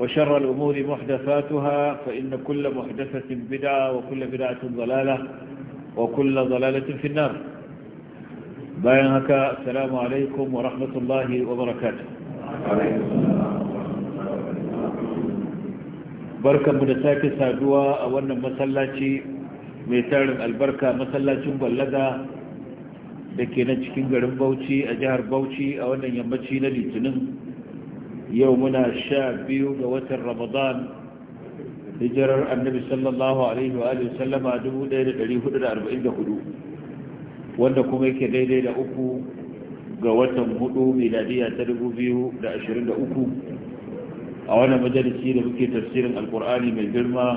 وشر الأمور محدثاتها فإن كل محدثة بدعة وكل بدعة ضلالة وكل ضلالة في النار باينك السلام عليكم ورحمة الله وبركاته بركة مدساك سادوا أولا مسلاتي ميتارم البركة مسلاتي مبلدة da ke na cikin garin bauchi a jihar bauchi a wannan yammaci na litinin yau muna sha biyu ga watan ramadan hijirar annabi sallallahu alaihi wa alihi sallama 1444 wanda kuma yake daidai da uku ga watan hudu miladiya ta 2023 a wannan majalisi da muke tafsirin alkur'ani mai girma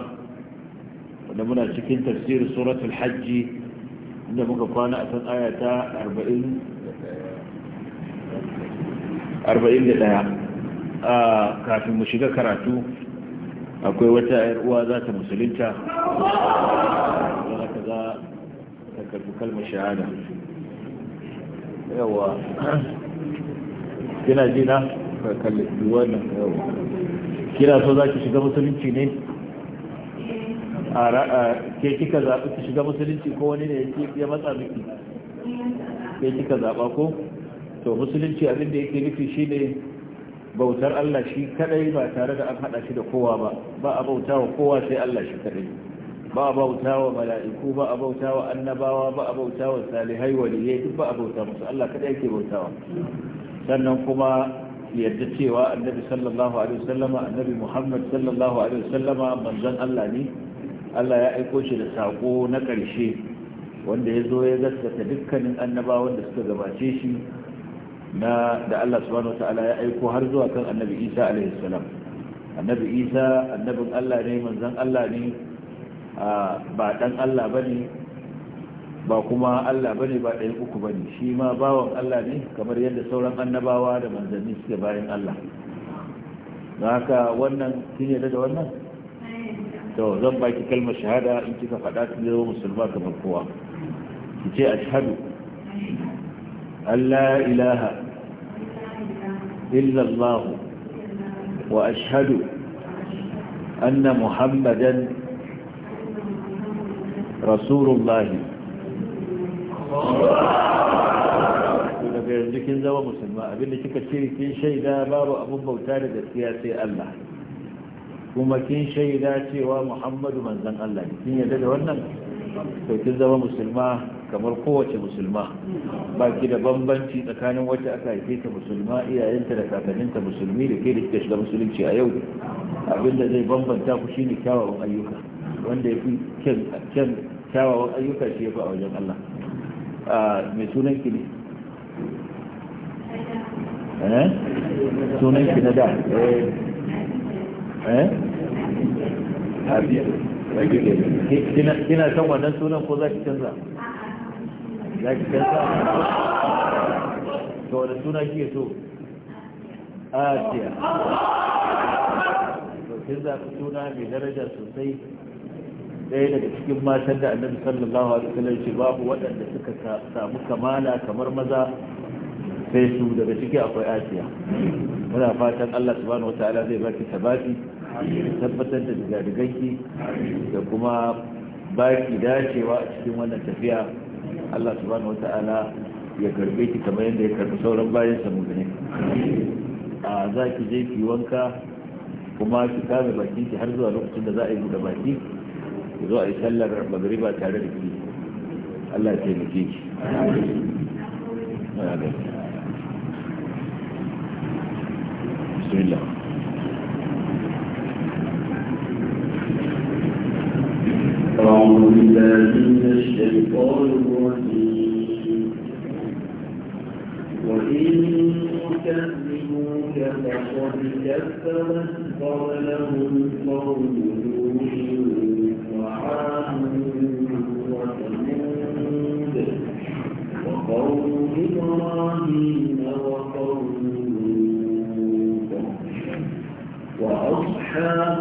wanda muna cikin tafsirin suratul hajji inda muka kwana a san aya ta 41 kafin mu shiga karatu akwai wata uwa za ta musulunta wadda za ta karfi kalmar shahada yawa kina ji na kalli wannan yawa kina so za ki shiga musulunci ne a ke kika zaɓi ki shiga musulunci ko wani ne ya matsa miki ke kika zaɓa ko to musulunci abin da yake nufi shine bautar Allah shi kadai ba tare da an hada shi da kowa ba ba a bautawa kowa sai Allah shi kadai ba a bautawa mala'iku ba a bautawa annabawa ba a bautawa salihai waliyai duk ba a bauta musu Allah kadai yake bautawa sannan kuma yadda cewa annabi sallallahu alaihi wasallama annabi Muhammad sallallahu alaihi wasallama manzon Allah ne Allah ya aiko shi da sako na ƙarshe wanda ya zo ya gaskata dukkanin annabawan da suka gabace shi na da Allah subhanahu wataala ya aiko har zuwa kan annabi Isa alaihi salam annabi Isa annabin Allah ne manzon Allah ne ba dan Allah bane ba kuma Allah bane ba ɗayan uku bane shi ma bawan Allah ne kamar yadda sauran annabawa da manzanni suke bayan Allah don haka wannan kin yarda da wannan to zan baki kalmar shahada in kika faɗa kin zama musulma kamar kowa ki ce ashhadu an la ilaha إلا الله وأشهد أن محمدا رسول الله لكن ذا ومسلم أبي اللي تكتير كين شيء ذا بار أبو موتان ذا سياسي الله وما كين شيء ذا ومحمد من ذا الله كين يدد ونم لكن ذا kamar kowace musulma ba ki da bambanci tsakanin wacce aka haife ta musulma iyayenta da kakanninta musulmi da ke da kika shiga musulunci a yau abinda zai bambanta ku shine kyawawan ayyuka wanda ya fi kyan kyawawan ayyuka shi ya fi a wajen Allah mai sunan ki ne eh? sunan ki na da eh, eh? kina san wannan sunan ko za ki canza ya ki kansa wani suna ke so asiya suna mai daraja sosai ɗaya daga cikin matan da annabi sallallahu alaihi wasallam ce babu waɗanda suka samu kamala kamar maza sai su daga ciki akwai asiya muna fatan Allah subhanahu wataala zai baki sabati tabbatar da digadiganki da kuma baki dacewa a cikin wannan tafiya Allah subhanahu ala ya karbe ki kamar yadda ya karbi sauran bayan sa gani a za ki je ki wanka kuma ki kame bakin ki har zuwa lokacin da za a yi buɗe baki ki zo a yi sallar ba tare da ki Allah ya taimake ki bismillah أعوذ بالله من الشيطان الرجيم وإن كذبوك فقد كذبت قبلهم قوم نوح وعاد وثمود وقوم إبراهيم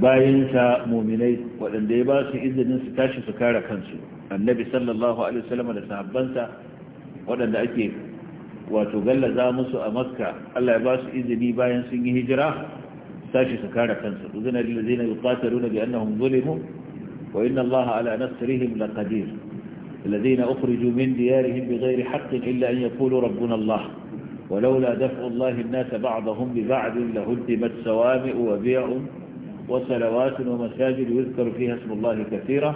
ta muminai waɗanda ya ba su izinin su tashi su kare kansu annabi sallallahu alaihi wasallam da sahabbansa waɗanda ake wato gallaza musu a makka Allah ya ba su izini bayan sun yi hijira tashi su kare kansu uzina lil ladina yuqatiluna bi annahum zulimu wa inna Allah ala nasrihim laqadir الذين أخرجوا من ديارهم بغير حق إلا أن يقولوا ربنا الله ولولا دفع الله الناس بعضهم ببعض لهدمت سوامئ وبيع وصلوات ومساجد يذكر فيها اسم الله كثيرا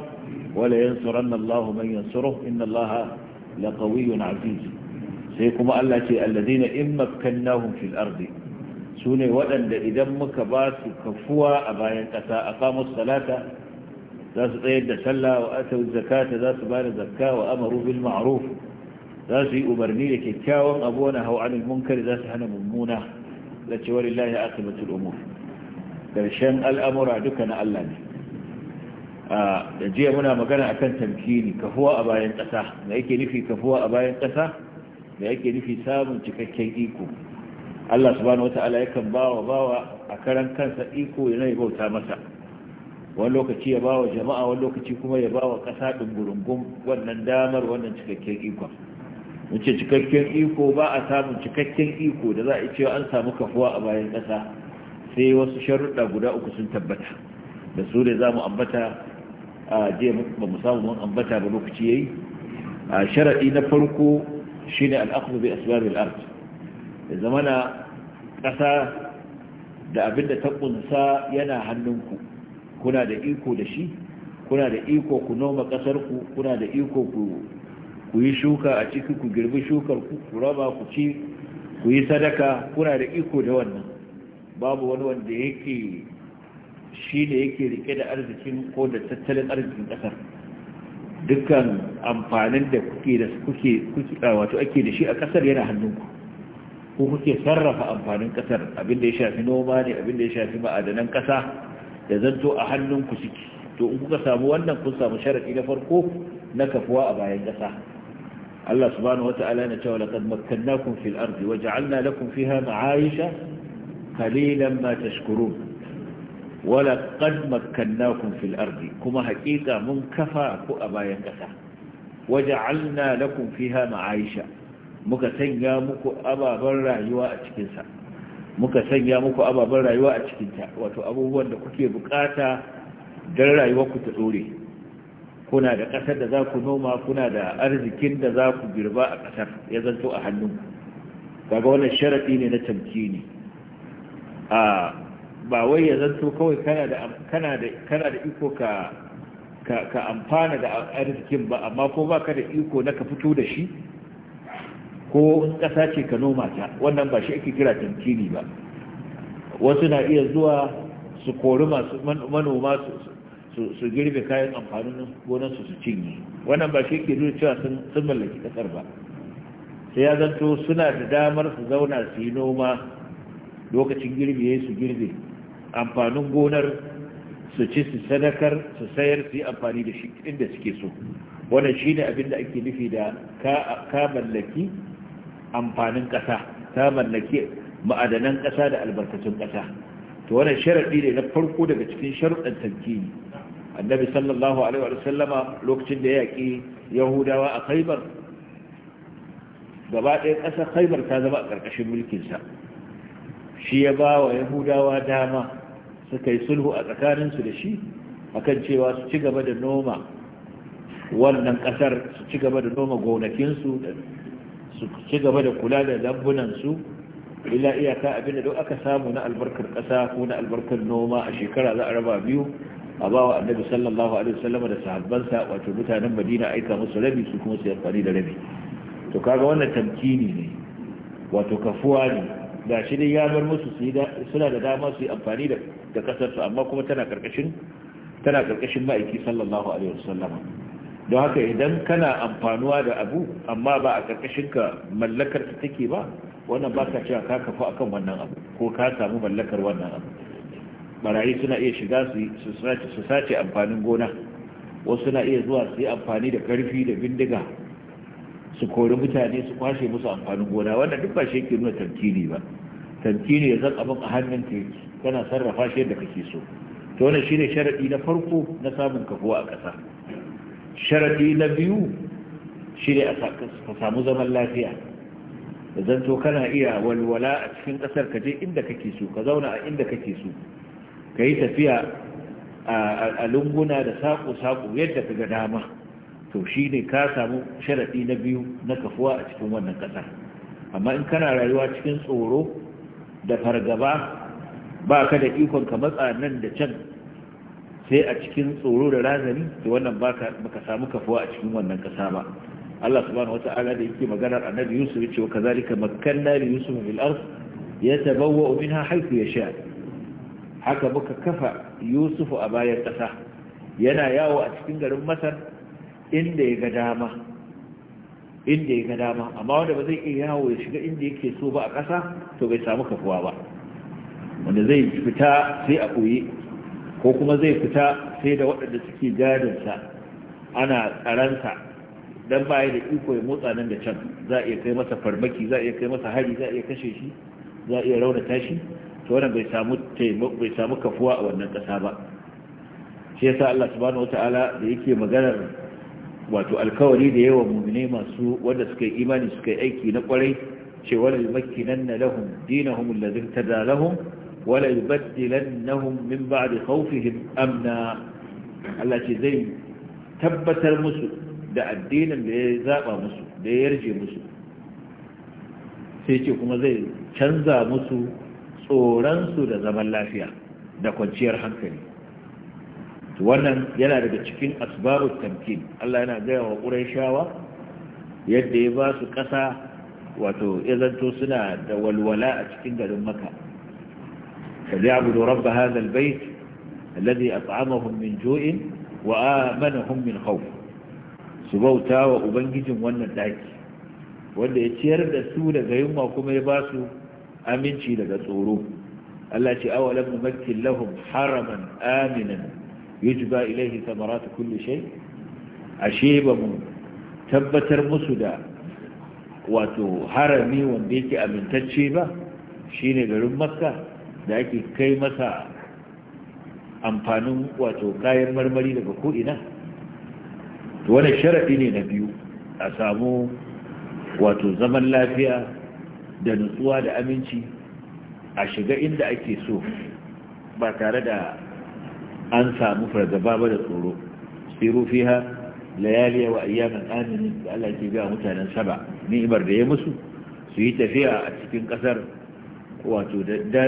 ولينصرن الله من ينصره إن الله لقوي عزيز سيكم الله الذين إن مكناهم في الأرض سوني ولن إذا مكبات كفوا أبايا أقاموا الصلاة ذات قيد سلا وأتوا الزكاة ذات بان زكاة وأمروا بالمعروف ذات أمرني لكي كاوم أبونا هو عن المنكر ذات هنا ممونة التي ولله عاقبة الأمور karshen al'amura duka na Allah ne da jiya muna magana akan tamkini kafuwa a bayan ƙasa da yake nufi kafuwa a bayan ƙasa da yake nufi samun cikakken iko Allah subhanahu wata'ala yakan bawa bawa a karan kansa iko yana bauta masa wani lokaci ya bawa jama'a wani lokaci kuma ya bawa ƙasa ɗungurungun wannan damar wannan cikakken iko. mun ce cikakken iko ba a samun cikakken iko da za a yi cewa an samu kafuwa a bayan ƙasa sai wasu sharuɗa guda uku sun tabbata da su ne za mu ambata a jiya ba mu samu mun ambata ba lokaci yayi a sharaɗi na farko shine al'aqdu bi asbabil ard da zamana ƙasa da abin da ta kunsa yana hannunku kuna da iko da shi kuna da iko ku noma ƙasar ku kuna da iko ku ku yi shuka a ciki ku girbi shukar ku ku raba ku ci ku yi sadaka kuna da iko da wannan babu wani wanda yake shi yake rike da arzikin ko da tattalin arzikin ƙasar dukkan amfanin da kuke da kuke wato ake da shi a ƙasar yana hannunku ko kuke sarrafa amfanin ƙasar abin da ya shafi noma ne abin da ya shafi ma'adanan ƙasa da zanto a hannunku suke to in kuka samu wannan kun samu sharaɗi na farko na kafuwa a bayan ƙasa الله سبحانه وتعالى نتوى لقد مكناكم في الأرض وجعلنا لكم فيها Aisha. Kalilan matashukurun wala kan ma kanna kun fili arzi kuma hakika mun kafa ku a bayan kasa waje canza na kun fi hama Aisha muka sanya muku muka sanya muku ababan rayuwa a cikin ta wato abubuwan da kuke bukata don rayuwarku ta dore kuna da ƙasar da za ku noma kuna da arzikin da za ku girma a ƙasar ya zato a hannunku daga wannan sharafi ne na tafi a ba wai ya zanto kawai kana da kana da kana da iko ka ka amfana da arzikin ba amma ko ba ka da iko na ka fito da shi ko in ƙasa ce ka noma ta wannan ba shi ake kira tankini ba wasu na iya zuwa su kori masu manoma su girbe kayan amfanin gonarsu su cinye wannan ba shi ke nuna cewa sun mallaki ƙasar ba sai ya zanto suna da damar su zauna su yi noma lokacin girbi ya su girbe amfanin gonar su ci su sadakar su sayar su yi amfani da shi inda suke so wannan shi ne abinda ake nufi da ka mallaki amfanin ƙasa ta mallaki ma'adanan ƙasa da albarkacin ƙasa to wannan sharaɗi ne na farko daga cikin sharuɗan tanki annabi sallallahu alaihi wa sallama lokacin da ya yaƙi yahudawa a khaibar gaba ɗaya ƙasar khaibar ta zama a ƙarƙashin mulkinsa shi ya ba wa yahudawa dama suka yi sulhu a tsakaninsu da shi akan cewa su ci gaba da noma wannan kasar su ci gaba da noma gonakinsu su ci gaba da kula da lambunansu ila iyaka abinda duk aka samu na albarkar kasa ko na albarkar noma a shekara za a raba biyu a ba wa annabi sallallahu alaihi wasallam da sahabbansa wato mutanen madina aika musu rabi su kuma su amfani da rabi to kaga wannan tamkini ne wato kafuwa ne ga shi dai ya bar musu suna da dama su yi amfani da kasarsu amma kuma tana karkashin tana karkashin ma'aiki sallallahu alaihi wasallam don haka idan kana amfanuwa da abu amma ba a karkashin ka mallakar ta take ba wannan ba ka cewa ka kafa akan wannan abu ko ka samu mallakar wannan abu barayi suna iya shiga su su sace amfanin gona wasu suna iya zuwa su yi amfani da karfi da bindiga su kori mutane su kwashe musu amfanin gona wanda duk ba shi yake nuna tantini ba tantini ya zan abin a hannun ta kana sarrafa shi yadda kake so to wannan shine sharadi na farko na samun kafuwa a ƙasa sharadi na biyu shine a ka samu zaman lafiya da zanto kana iya walwala a cikin ƙasar ka je inda kake so ka zauna a inda kake so ka yi tafiya a lunguna da saƙo-saƙo yadda ka ga dama to shi ne ka samu sharaɗi na biyu na kafuwa a cikin wannan ƙasa. amma in kana rayuwa cikin tsoro da fargaba ba ka da ikon ka matsa nan da can sai a cikin tsoro da razani da wannan ba ka samu kafuwa a cikin wannan ƙasa ba Allah subhanahu wata'ala da yake maganar annabi Yusuf ya ce wa kazalika makkanna li Yusuf fil ard yatabawwa minha haythu yasha haka muka kafa Yusuf a bayan ƙasa yana yawo a cikin garin Masar inda ya ga dama inda ya ga dama amma wanda ba zai iya yawo ya shiga inda yake so ba a ƙasa to bai samu kafuwa ba wanda zai fita sai a ɓoye, ko kuma zai fita sai da waɗanda suke gadinsa ana tsaransa don baya da iko ya motsa nan da can za a iya kai masa farmaki za a iya kai masa hari za a iya kashe shi za a iya raunata shi to wannan bai samu bai samu kafuwa a wannan ƙasa ba shi yasa Allah subhanahu wataala da yake maganar wato alkawari da yawa mu'mine masu wanda suka yi imani suka yi aiki na kwarai cewa la yumakkinanna lahum dinahum alladhi tada lahum wa na yubaddilannahum min ba'di khawfihim amna Allah ce zai tabbatar musu da addinin da ya zaɓa musu da ya yarje musu sai ce kuma zai canza musu tsoransu da zaman lafiya da kwanciyar hankali wannan yana daga cikin asbarut tamkin Allah yana gaya wa qurayshawa yadda ya ba su ƙasa wato ya zanto suna da walwala a cikin garin maka فليعبدوا رب هذا البيت juin wa من جوع وآمنهم من خوف سبوتا ubangijin wannan داكي wanda ya ciyar da su daga yunwa kuma ya ba su aminci daga tsoro Allah ce awalan mu lahum haraman aminan yujba ilaihi samaratu kulli shay ashe ba mu tabbatar musu da wato harami wanda yake amintacce ba shine garin makka da ake kai masa amfanin wato kayan marmari daga ko'ina wani sharaɗi ne na biyu a samu wato zaman lafiya da nutsuwa da aminci a shiga inda ake so ba tare da an samu fargaba ba da tsoro siru fiha layaliya wa ayyaman aminin da Allah ke ga mutanen saba ni'imar da ya musu su yi tafiya a cikin kasar wato da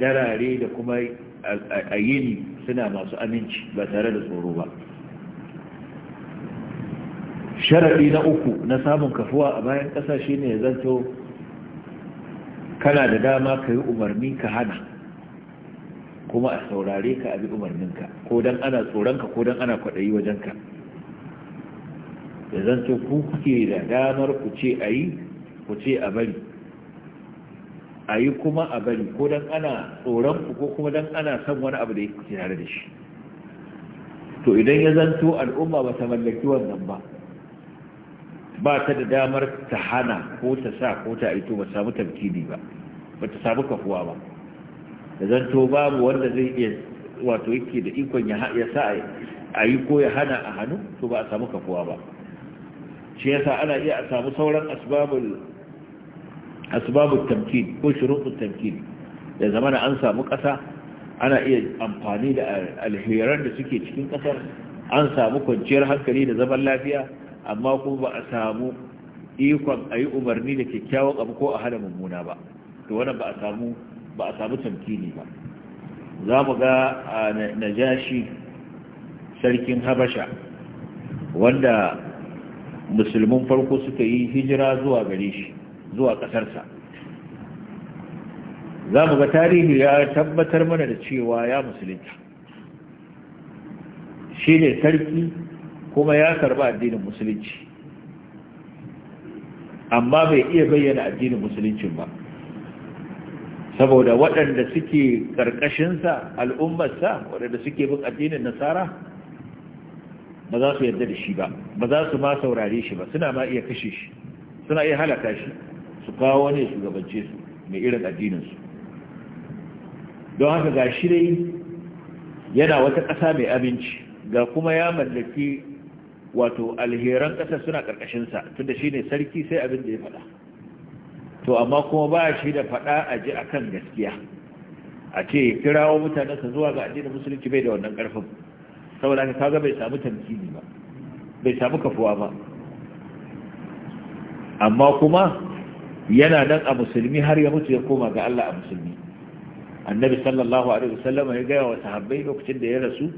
darare da kuma a suna masu aminci ba tare da tsoro ba sharaɗi na uku na samun kafuwa a bayan ƙasa shine ya zanto kana da dama ka yi umarni ka hana kuma a saurare ka abi umarninka ko dan ana tsoronka ko dan ana kwaɗayi wajenka da zan so ku kuke da damar ku ce a yi ku ce a bari a yi kuma a bari ko dan ana tsoronku ko kuma dan ana son wani abu da ya kuke tare da shi to idan ya zanto al'umma ba ta mallaki wannan ba ba ta da damar ta hana ko ta sa ko ta aito ba samu tamkini ba ba ta samu kafuwa ba da zanto babu wanda zai iya wato yake da ikon ya sa a yi ko ya hana a hannu to ba a samu kafuwa ba shi yasa ana iya a samu sauran asibabin tamkin ko shuruɗin tamkin da zama an samu ƙasa ana iya amfani da alheran da suke cikin ƙasar an samu kwanciyar hankali da zaman lafiya amma kuma ba a samu ikon a yi umarni da kyakkyawan abu ko a hana mummuna ba to wannan ba a samu ba a samu tamkini ba za mu ga a najashi sarkin habasha wanda musulmin farko suka yi hijira zuwa gare shi zuwa ƙasarsa za mu ga tarihi ya tabbatar mana da cewa ya musulunta shi ne sarki kuma ya karba addinin musulunci amma bai iya bayyana addinin musulunci ba saboda waɗanda suke ƙarƙashinsa al'ummarsa waɗanda suke bin addinin nasara ba za su yarda da shi ba ba za su ma saurare shi ba suna ma iya kashe shi suna iya halaka shi su kawo wani gabance su mai irin addininsu don haka ga shi dai yana wata ƙasa mai abinci, ga kuma ya mallaki wato alheran ƙasa suna ƙarƙashinsa tunda shi ne sarki sai abin da ya faɗa to amma kuma ba shi da faɗa a ji akan gaskiya a ce kirawo mutane ka zuwa ga addinin musulunci bai da wannan ƙarfin saboda ka kaga bai samu tamkini ba bai samu kafuwa ba amma kuma yana nan a musulmi har ya mutu ya koma ga Allah a musulmi annabi sallallahu alaihi wasallam ya gaya wa sahabbai lokacin da ya rasu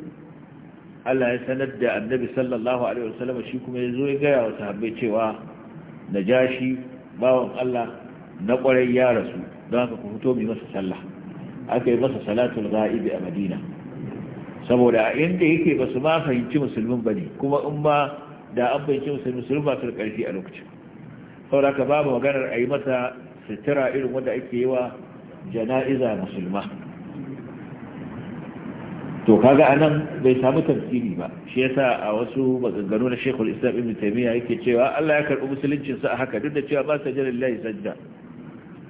Allah ya sanar da annabi sallallahu alaihi wasallam shi kuma ya zo ya gaya wa sahabbai cewa najashi bawan Allah na kwarai ya rasu don haka ku fito mai masa sallah aka yi masa salatul ga'ibi a madina saboda a inda yake ba su ma fahimci musulmin ba ne kuma in ba da an fahimci musulmin musulmin ba su da ƙarfi a lokacin saboda ka babu maganar a yi masa sutura irin wanda ake yi wa jana'iza musulma to kaga a nan bai samu tafsiri ba shi yasa a wasu maganganu na shekul Islam Ibn taimiyya yake cewa Allah ya karɓi musuluncin a haka duk da cewa ba sa jirin lillahi sajda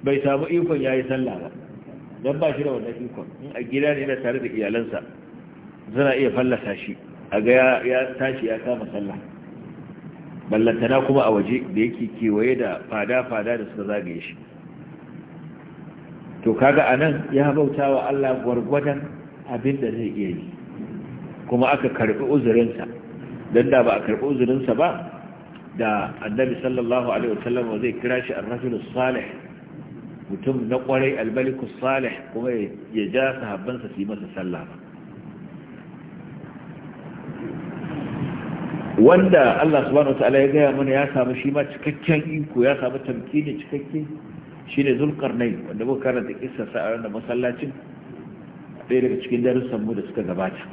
bai samu ikon ya yi sallah ba don ba shi da wannan ikon in a gida ne yana tare da iyalansa suna iya fallasa shi a ga ya tashi ya kama sallah ballantana kuma a waje da yake kewaye da fada-fada da suka zagaye shi to kaga anan ya bauta wa Allah gwargwadon abin da zai iya yi kuma aka karbi uzurinsa don da ba a karbi uzurinsa ba da annabi sallallahu alaihi wasallam zai kira shi a rajulus salih mutum na kwarai albaliku salih kuma ya ja sahabbansa su yi masa sallah ba wanda Allah subhanahu wataala ya gaya mana ya samu shi ma cikakken iko ya samu tamkini cikakke shine zulkarnai wanda muka karanta kissa sa a masallacin ɗaya daga cikin darussan mu da suka gabata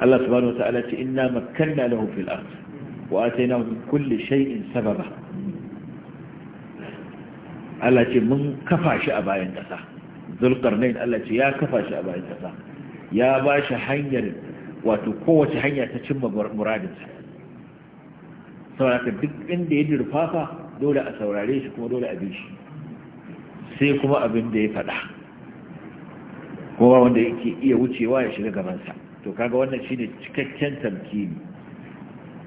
Allah subhanahu wataala ce inna makanna lahu fil ard wa atainahu min kulli shay'in sababa Allah ce mun kafa shi a bayan ƙasa zulkarnain Allah ce ya kafa shi a bayan ƙasa ya ba shi hanyar wato kowace hanya ta cimma muradinsa sauraka duk inda ya durfafa dole a saurare shi kuma dole a bi shi sai kuma abin da ya faɗa kowa wanda yake iya wucewa ya shiga gabansa to kaga wannan shine cikakken tamkini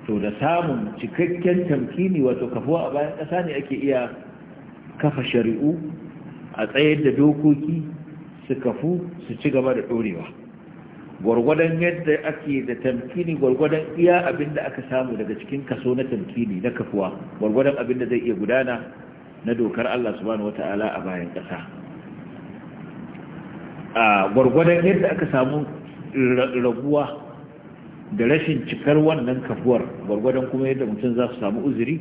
to da samun cikakken tamkini wato kafuwa a bayan ƙasa ne ake iya kafa shari'u a tsayar da dokoki su kafu su ci gaba da ɗorewa gwargwadon yadda ake da tamkini gwargwadon iya abin da aka samu daga cikin kaso na tamkini na kafuwa gwargwadon abin da zai iya gudana na dokar Allah subhanahu wata'ala a bayan ƙasa a gwargwadon yadda aka samu raguwa da rashin cikar wannan kafuwar gwargwadon kuma yadda mutum za su samu uzuri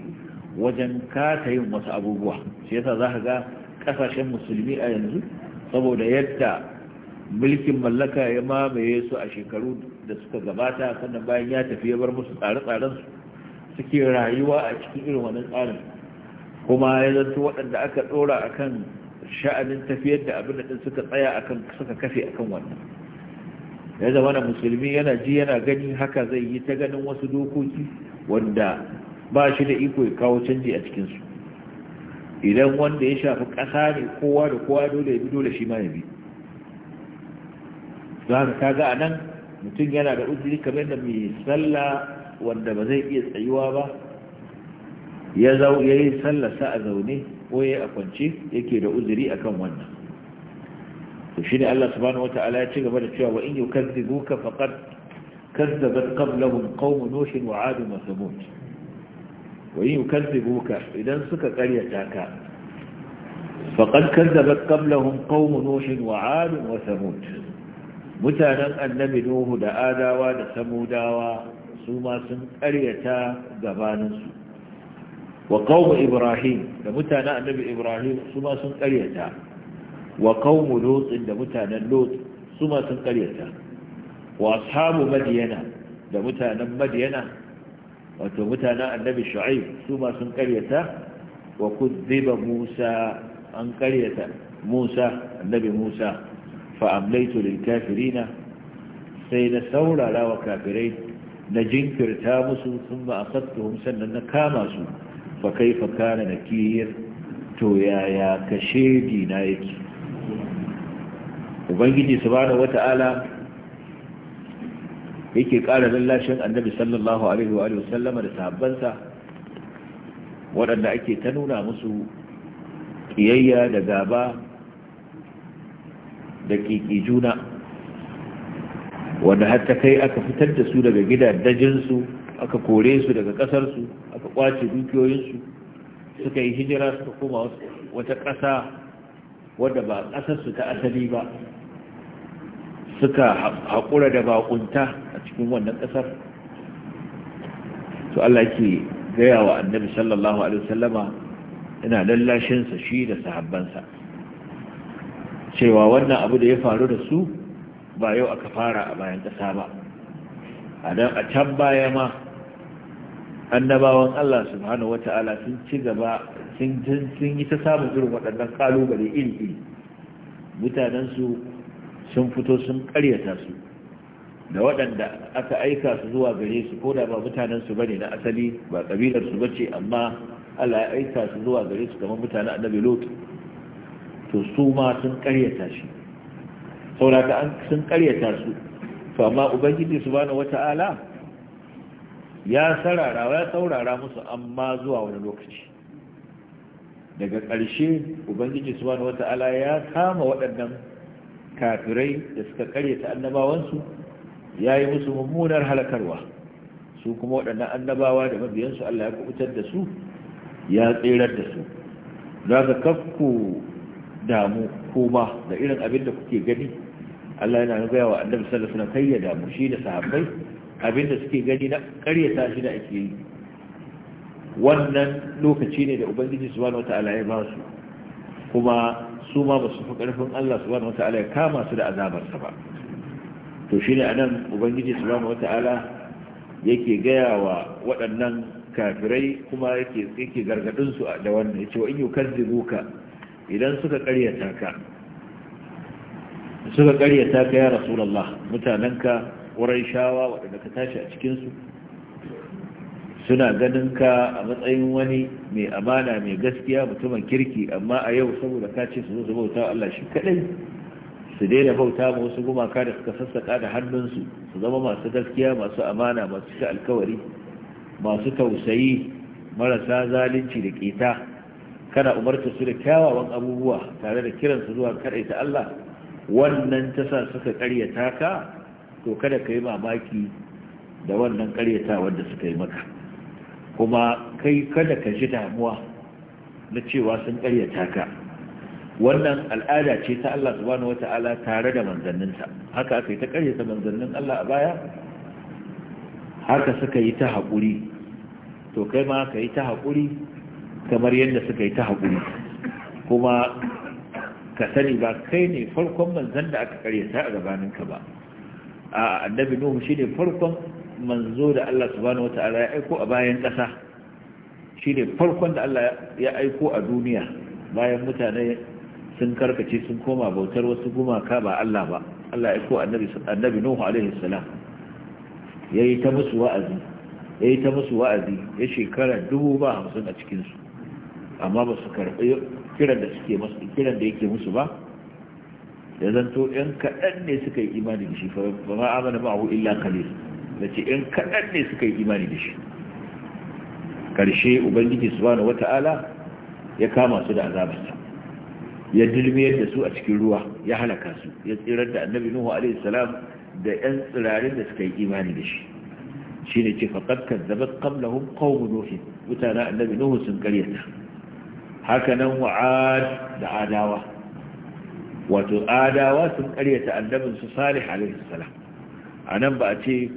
wajen kata yin wasu abubuwa shi yasa za ka ga kasashen musulmi a yanzu saboda yadda mulkin mallaka ya mamaye su a shekaru da suka gabata sannan bayan ya tafi ya bar musu tsare-tsaren su suke rayuwa a cikin irin wannan tsarin kuma ya zanto waɗanda aka ɗora akan sha'anin tafiyar da abin da suka tsaya akan suka kafe kan wannan ya zama na musulmi yana ji yana gani haka zai yi ta ganin wasu dokoki wanda ba shi da iko ya kawo canji a cikinsu idan wanda ya shafi ƙasa ne kowa da kowa dole ya bi dole shi ma ya bi za ka kaga a nan mutum yana da uzuri kamar da mai sallah wanda ba zai iya tsayuwa ba ya yi sa a zaune ko ya a kwance yake da uzuri akan wannan to shi Allah subhanahu wata'ala ya ci gaba da cewa wa in yukazzibuka faqad kazzabat qablahum qaum nuh wa 'ad wa thamud wa yi kazzibuka idan suka karyata ka faqad kazzabat qablahum qaum nuh wa 'ad wa thamud mutanen annabi nuhu da adawa da samudawa su ma sun karyata gabaninsu wa qaum ibrahim da mutanen annabi ibrahim su ma sun karyata wa qaum lut da mutanen lut su ma sun karyata wa ashabu madyana da mutanen madyana wato mutanen annabi shu'aib su ma sun karyata wa kuzziba musa an karyata musa annabi musa fa amlaitu lil kafirina sai na saurara wa kafirai na jinkirta musu sun ba asattuhum sannan na kama su fa kaifa kana nakir to yaya kashe dina yake ubangiji subhanahu wata'ala yake ƙara lallashin annabi sallallahu alaihi wa sallama da sahabbansa waɗanda ake ta nuna musu ƙiyayya da gaba da ƙiƙi juna wanda har kai aka fitar da su daga gidajensu aka kore su daga ƙasarsu aka ƙwace dukiyoyinsu suka yi hijira suka koma wata ƙasa wadda ba ƙasarsu ta asali ba suka haƙura da baƙunta a cikin wannan ƙasar to Allah ke gaya wa annabi sallallahu alaihi wasallama ina lallashinsa shi da sahabbansa cewa wannan abu da ya faru da su ba yau aka fara a bayan ƙasa ba a dan a can baya ma annabawan Allah subhanahu wata'ala sun ci gaba sun yi ta samun irin waɗannan ƙalubale iri-iri mutanensu sun fito sun karyata su da waɗanda aka aika su zuwa gare su ko da ba mutanen su bane na asali ba kabilar su bace amma Allah ya aika su zuwa gare su kamar mutanen annabi Lot to su ma sun karyata shi sauraka an sun karyata su to amma ubangiji subhanahu wata'ala ya sarara ya saurara musu amma zuwa wani lokaci daga ƙarshe ubangiji subhanahu wata'ala ya kama waɗannan kafirai da suka ta annabawansu ya yi musu mummunar halakarwa su kuma waɗannan annabawa da mabiyansu Allah ya kubutar da su ya tserar da su za ka kafku damu kuma da irin abin da kuke gani Allah yana gaya wa annabi sallallahu alaihi wasallam kai ya damu shi da sahabbai abin da suke gani na ta shi da ake yi wannan lokaci ne da ubangiji subhanahu wataala ya ba su kuma su ma ba su fi ƙarfin Allah subhanahu ya kama su da azabarsa ba to shi ne anan ubangiji subhanahu wata'ala yake gaya wa waɗannan kafirai kuma yake gargaɗin su da wannan ce, wa in yukazzibuka idan suka ƙaryata ka suka ƙaryata ka ya rasulullah wurin shawa waɗanda ka tashi a cikin su suna ganin ka a matsayin wani mai amana mai gaskiya mutumin kirki amma a yau saboda ka ce su zo su bauta Allah shi kadai su daina bauta ma wasu gumaka da suka sassaƙa da hannunsu su zama masu gaskiya masu amana masu cika alkawari masu tausayi marasa zalunci da keta kana umarta su da kyawawan abubuwa tare da kiransu zuwa ta Allah wannan ta sa suka karyata ka to kada ka yi mamaki da wannan karyata wanda suka yi maka kuma kai kada ka ji damuwa na cewa sun karyata ka wannan al'ada ce ta Allah subhanahu wata'ala tare da manzanninsa haka aka yi ta karyata manzannin Allah a baya haka suka yi ta haƙuri to kai ma ka yi ta haƙuri kamar yadda suka yi ta haƙuri kuma ka sani ba kai ne farkon manzan da aka karyata a gabaninka ba a annabi nuhu shi ne farkon manzo da Allah subhanahu wata'ala ya aiko a bayan ƙasa shine farkon da Allah ya aiko a duniya bayan mutane sun karkace sun koma bautar wasu gumaka ba Allah ba Allah ya aiko annabi Nuhu alaihi salam yayi ta musu wa'azi yayi ta musu wa'azi ya shekara hamsin a cikin su amma ba su karbi kiran da suke musu kiran da yake musu ba ya zanto yan kaɗan ne suka yi imani da shi fa ma amana ma'ahu illa qalil da ce ‘yan kaɗan ne suka yi imani da shi ƙarshe ubangiji subhanahu wata'ala ya kama su da azabarsa ya dilmiyar da su a cikin ruwa ya halaka su ya tsirar da annabi nuhu alaihi salam da ‘yan tsirarin da suka yi imani da shi shi ne ce faƙad kazzabat qablahum qawmu nuhin mutanen annabi nuhu sun karyata haka nan wa'ad da adawa wato adawa sun karyata annabin su salih alaihi A nan ba a ce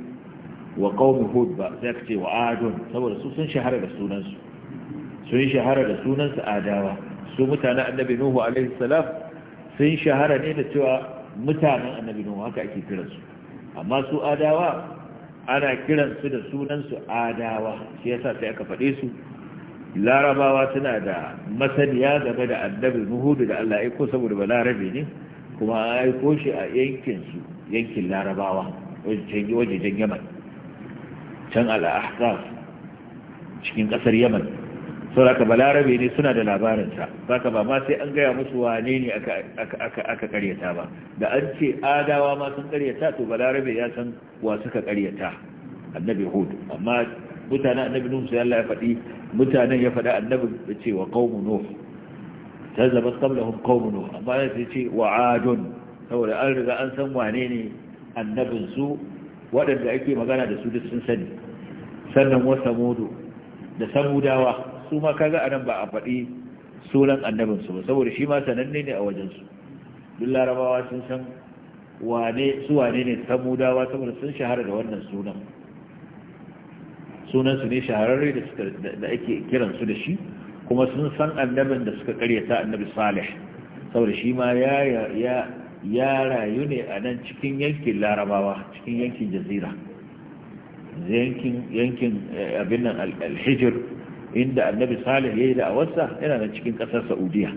wa qaumi hud ba sai ka ce wa adun saboda su sun shahara da sunansu sun shahara da sunansu adawa su mutanen annabi nuhu alaihi salam sun shahara ne da cewa mutanen annabi nuhu haka ake kiransu amma su adawa ana kiransu da sunansu adawa shi yasa sai aka faɗe su larabawa suna da masaniya game da annabi nuhu da Allah ya ko saboda balarabe ne kuma ya aiko shi a yankin su yankin larabawa wajen yaman can al'ahqaf cikin ƙasar yaman sauraka balarabe ne suna da labarinsa ka ba ma sai an gaya musu wane ne aka karyata ba da an ce adawa ma sun karyata to balarabe ya san wa suka karyata annabi hud amma mutane annabi nuhu sai Allah ya faɗi mutanen ya faɗa annabi ya ce wa qaumu nuh kazzabat qablahum qaumu nuh amma sai ce wa adun saboda an riga an san wane ne annabin su waɗanda ake magana da su duk sun sani sannan wasa modu da samudawa su ma kaga anan ba a faɗi sunan annabinsu ba saboda shi ma sananne ne a wajensu duk larabawa sun san wane su wane ne samudawa saboda sun shahara da wannan sunan sunansu ne shahararre da ake kiransu da shi kuma sun san annabin da suka karyata annabi salih saboda shi ma ya rayu ne a nan cikin yankin larabawa cikin yankin jazira yankin yankin eh, abin nan alhijir inda annabi salih ya yi da'awarsa yana nan cikin ƙasar saudiya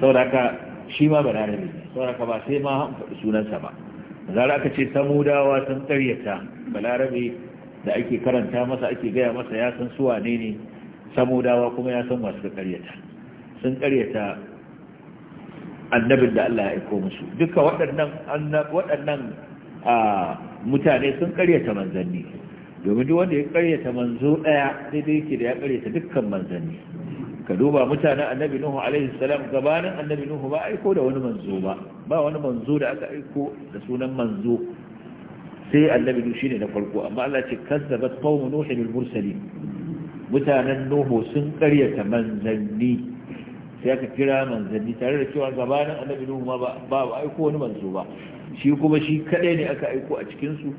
sauraka shi ma balarabe ne sauraka ba sai ma an faɗi sunansa ba zara aka ce samudawa sun ƙaryata balarabe da ake karanta masa ake gaya masa ya san suwa ne ne samudawa kuma ya san masu ƙaryata sun ƙaryata annabin da Allah ya aiko musu duka waɗannan ah, mutane sun karyata manzanni domin duk wanda ya karyata manzo daya daidai dai yake da ya karyata dukkan manzanni ka duba mutanen annabi nuhu alaihi salam gabanin annabi nuhu ba aiko da wani manzo ba ba wani manzo da aka aiko da sunan manzo sai annabi nuhu shine na farko amma Allah ce kazzabat qaumu Nuhu bil mursalin mutanen nuhu sun karyata manzanni sai aka kira manzanni tare da cewa gabanin annabi nuhu ma ba ba aiko wani manzo ba shi kuma shi kadai ne aka aiko a cikin su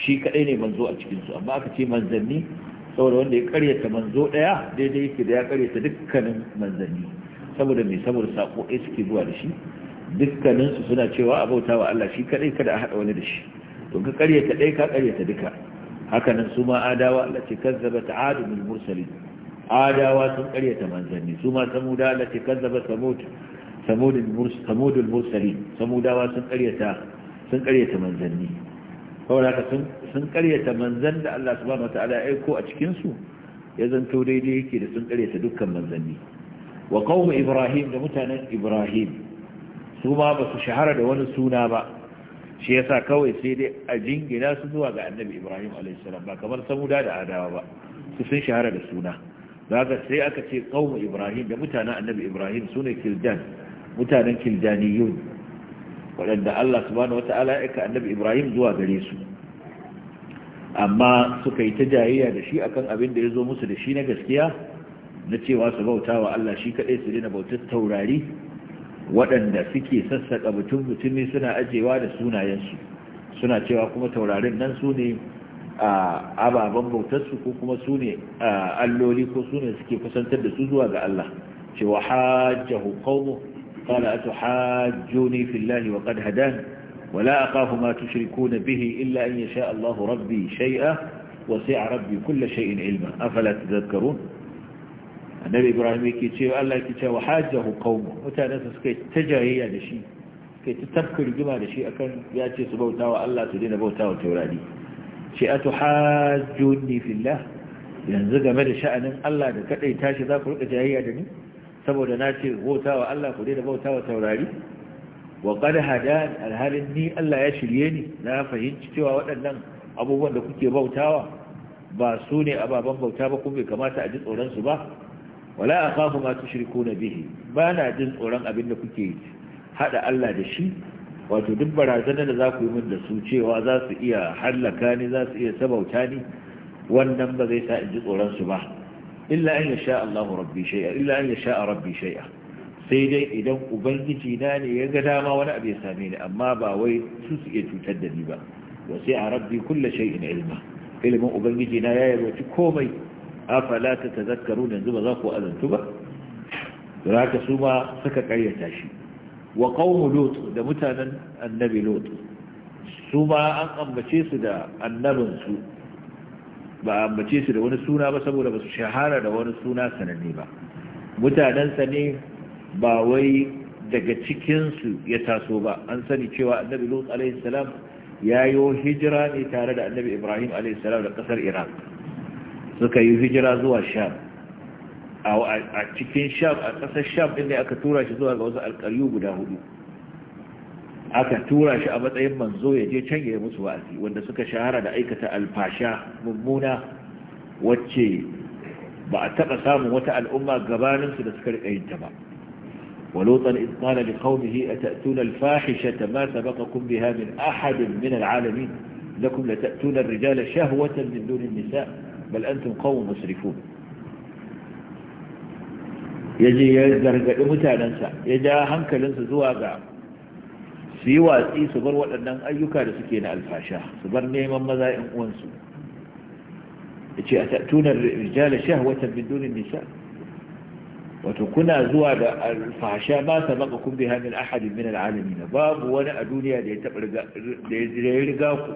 shi kadai ne manzo a cikin su amma aka ce manzanni saboda wanda ya karyata manzo daya daidai yake da ya karyata dukkanin manzanni saboda mai saboda sako ɗaya suke zuwa da shi dukkanin su suna cewa a bauta wa Allah shi kadai kada a hada wani da shi to ka karyata ɗaya ka karyata duka hakanan su ma adawa Allah ce kazzaba ta'adu bil mursalin adawa sun karyata manzanni su ma samuda da lati kazzaba samud samudul mursalin samudawa sun karyata sun karyata manzanni saboda sun karyata manzan da Allah su ba mata ya aiko a cikinsu su ya zanto daidai yake da sun karyata dukkan manzanni wa qaum ibrahim da mutanen ibrahim su ma ba su shahara da wani suna ba shi ya sa kawai sai dai a jingina su zuwa ga annabi ibrahim alaihi ba kamar samuda da adawa ba su sun shahara da suna daga sai aka ce qaumu ibrahim da mutanen annabi ibrahim sune kildan mutanen kildaniyun waɗanda Allah subhanahu wata'ala ya aika annabi ibrahim zuwa gare su amma suka yi ta jayayya da shi akan abin da ya zo musu da shi na gaskiya na cewa su bauta wa Allah shi kaɗai su daina bautar taurari waɗanda suke sassaƙa mutum mutumi suna ajewa da sunayensu suna cewa kuma taurarin nan su ne ababen bautarsu ko kuma su ne alloli ko su ne suke kusantar da su zuwa ga Allah cewa hajjahu qawmu qala atuhajjuni fillahi wa qad hadan wala la aqafu ma tushrikuna bihi illa an yasha Allahu rabbi shay'a wa sa'a rabbi kull shay'in ilma afala tadhakkarun annabi ibrahim yake cewa Allah yake cewa hajjahu qawmu mutane su suka tajayya da shi suka tafka rigima da shi akan ya ce su bautawa Allah su bauta bautawa taurari ce a tuhajjuni fillah yanzu game da sha'anin Allah da kadai tashi za ku rika jayayya da ni saboda na ce bautawa Allah ku da bautawa taurari wa qad hadan alhalin ni Allah ya shirye ni na fahimci cewa waɗannan abubuwan da kuke bautawa ba su ne ababen bauta ba kuma bai kamata a ji tsoron su ba wala akhafu ma tushrikuna bihi ba na jin tsoron abin da kuke hada Allah da shi wato duk barazanar da za ku yi min da su cewa za su iya hallaka ni za su iya sabauta ni wannan ba zai sa in ji tsoron su ba illa an yasha Allahu rabbi shay'a illa an yasha rabbi shay'a sai dai idan ubangiji na ne ya ga dama wani abu ya same ni amma ba wai su su iya cutar da ni ba wa sai a rabbi kullu shay'in ilma ilmin ubangiji na ya yarwaci komai afala tatazakkaruna yanzu ba za ku azantu ba zaka su ma suka karyata shi wa qaumu da mutanen annabi lut su ma an ambace su da annabinsu ba ambace su da wani suna ba saboda ba su shahara da wani suna sananne ba Mutanensa ne ba wai daga cikin su ya taso ba an sani cewa annabi lut alaihi salam yayo hijira ne tare da annabi ibrahim alaihi da ƙasar iraq suka yi hijira zuwa sham a cikin sham a ƙasar sham ɗin ne aka tura shi zuwa ga wasu alƙaryu guda hudu aka tura shi a matsayin manzo ya je can ya musu wa'azi wanda suka shahara da aikata alfasha mummuna wacce ba a taɓa samun wata al'umma su da suka rika yin ta ba ولوطا إذ قال لقومه أتأتون الفاحشة ما سبقكم بها من أحد من العالمين لكم لتأتون الرجال شهوة من دون النساء بل أنتم قوم مسرفون ya je ya gargaɗi mutanensa ya ja hankalinsa zuwa ga su yi watsi su bar waɗannan ayyuka da suke na alfasha su bar neman maza in uwansu ya ce a tattunar rijala shahwatan min dunin nisa wato kuna zuwa da alfasha ba sa baka kun biha min ahadin min alalamin babu wani a duniya da ya taɓa riga ku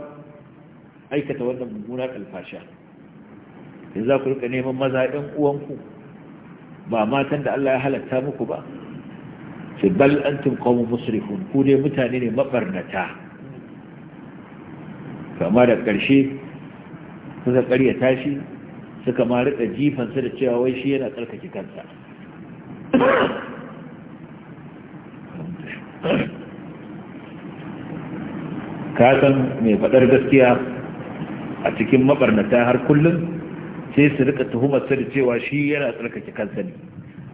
aikata wannan mummunar alfasha yanzu za ku rika neman maza yan uwanku ba matan da Allah ya halatta muku ba ce bal antum qawmun musrifun ku ne mutane ne mabarnata kama da ƙarshe suka ƙarya tashi suka ma rika jifansa da cewa wai shi yana tsarkake kansa kasan mai faɗar gaskiya a cikin mabarnata har kullum sai su rika tuhumar sa da cewa shi yana tsarkake kansa ne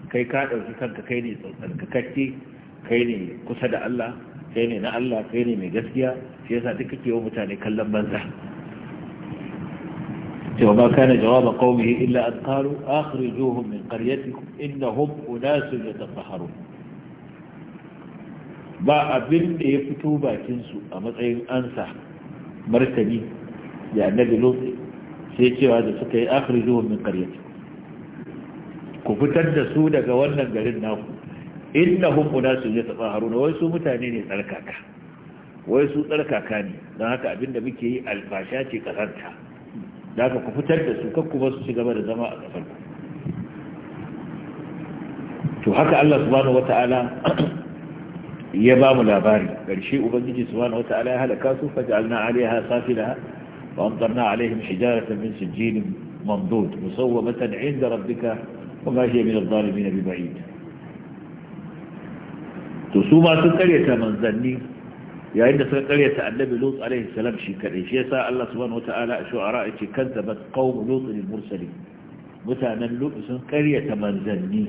kai ka ɗauki kanka kai ne tsarkakakke kai ne kusa da Allah kai ne na Allah kai ne mai gaskiya shi yasa duk kake wa mutane kallon banza cewa ba kana jawaba qaumihi illa an qalu akhrijuhum min qaryatikum innahum unasun yatafahharun ba abin da ya fito bakin su a matsayin ansa martani ya annabi lutsi sai cewa da suka yi akhrijuhum min qaryatikum ku fitar da su daga wannan garin naku su ya unasun Haruna wai su mutane ne tsarkaka wai su tsarkaka ne don haka abinda muke yi alfasha ce kasarta da haka ku fitar da su kakku ba su ci gaba da zama a kasar to haka Allah subhanahu wata'ala ya ba mu labari ƙarshe ubangiji subhanahu wata'ala ya halaka su faj'alna 'alayha safilaha وأمطرنا عليهم حجارة من سجين منضود مصومة عند ربك وما هي من الظالمين ببعيد تسوما سكرية من ذني يا إن سكرية النبي لوط عليه السلام شكري شيسا الله سبحانه وتعالى شعراء كذبت قوم لوط المرسلين متانا لوط سكرية من ذني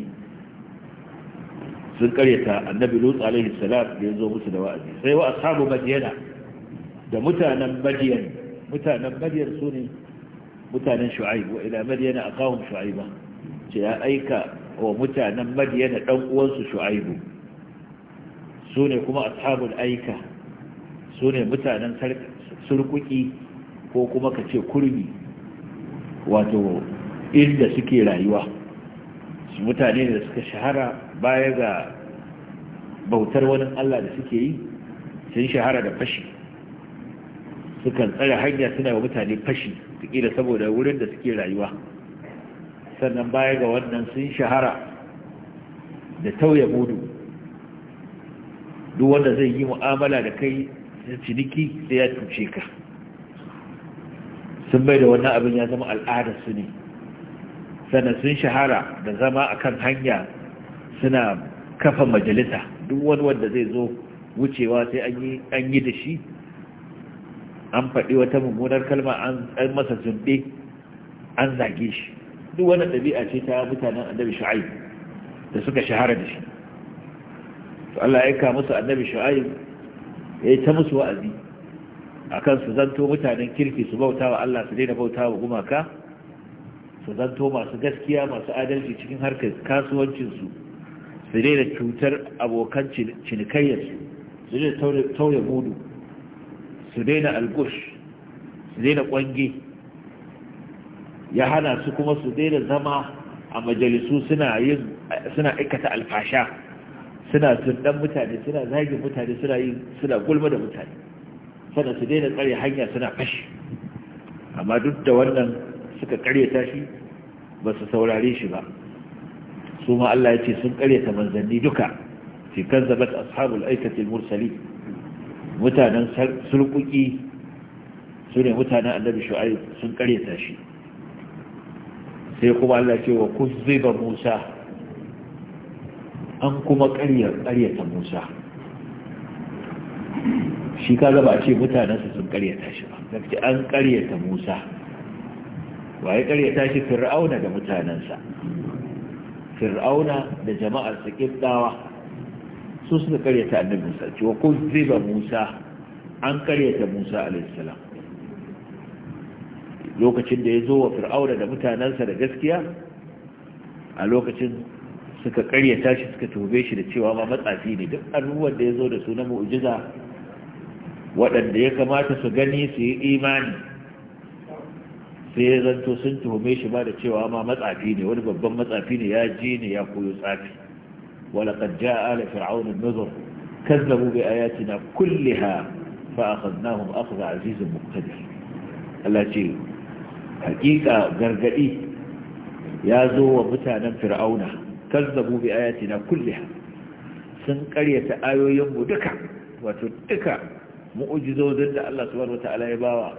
sun karyata annabi lut alaihi salam da ya zo musu da wa'azi sai wa ashabu madiyana da mutanen madiyan mutanen maryam su ne mutanen shu'aib wa ila madiyana aqawm shu'aiba ce ya aika wa mutanen madiyana dan uwansu shu'aibu su ne kuma ashabul aika su ne mutanen surkuki ko kuma ka ce kurmi wato inda suke rayuwa mutane da suka shahara baya ga bautar wani Allah da suke yi sun shahara da fashi sukan tsare hanya suna wa mutane fashi kila saboda wurin da suke rayuwa sannan baya ga wannan sun shahara da tauye mudu duk wanda zai yi mu'amala da kai ciniki sai ya cuce ka sun bai da wannan abin ya zama al'adar su ne sannan sun shahara da zama a kan hanya suna kafa majalisa duk wani wanda zai zo wucewa sai an yi da shi an faɗi wata mummunar kalma an masa zunɗe an zage shi duk wani ɗabi'a ce ta mutanen annabi shu'aib da suka shahara da shi to Allah ya ka musu annabi shu'aib ya yi ta musu wa'azi A kan su zanto mutanen kirki su bauta wa Allah su daina bauta wa gumaka su zanto masu gaskiya masu adalci cikin harkar kasuwancinsu su daina cutar abokan cinikayyarsu su daina tauye mudu su daina algush su daina kwange ya hana su kuma su daina zama a majalisu suna aikata alfasha suna tundan mutane suna zagin mutane suna gulma da mutane sannan su daina tsare hanya suna fashi amma duk da wannan suka karyata shi ba su saurare shi ba su ma Allah ya ce sun karyata manzanni duka fi kan zabat ashabul aikatil mursali mutanen sulkuki su ne mutanen annabi shu'aib sun karyata shi sai kuma Allah ce wa kuzziba Musa an kuma karyata Musa shi ka zaba a ce mutanensa sun karyata shi ba ce an karyata Musa ba ya karyata shi fir'auna da mutanensa fir'auna da jama'ar su kibdawa su suka karyata annabi Musa wa ko ziba Musa an karyata Musa alaihi salam lokacin da ya zo wa fir'auna da mutanensa da gaskiya a lokacin suka karyata shi suka tobe shi da cewa ma matsafi ne duk annuwan da ya zo da su na mu'jiza waɗanda ya kamata su gani su yi imani sai ya zanto sun tuhume shi ba da cewa ma matsafi ne wani babban matsafi ne ya ji ne ya koyo tsafi ولقد جاء آل فرعون النذر كذبوا بآياتنا كلها فأخذناهم أخذ عزيز مقتدر التي حقيقة غرغئي يا زو ومتانا فرعون كذبوا بآياتنا كلها سنقرية آيو يوم دكا وتدكا مؤجزو ذن الله سبحانه وتعالى يباوى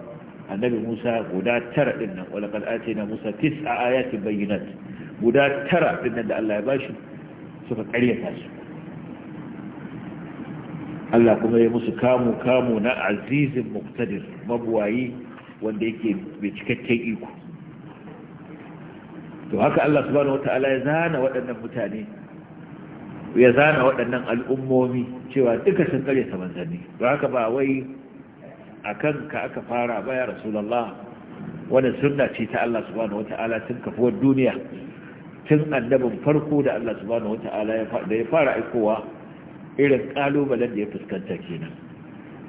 النبي موسى قدا ترى لنا ولقد آتينا موسى تسع آيات بينات قدا ترى لنا الله يباشر suka karyata su Allah kuma ya musu kamu kamu na azizin muktadir mabuwayi wanda yake mai cikakken iko to haka Allah subhanahu wata'ala ya zana waɗannan mutane ya zana waɗannan al'ummomi cewa duka sun karyata manzanni To haka ba wai a ka aka fara baya rasulallah wani sunna ce ta Allah subhanahu wata'ala tun kafuwar duniya tun annabin farko da Allah subhanahu wata'ala da ya fara aikowa irin kalubalen da ya fuskanta kenan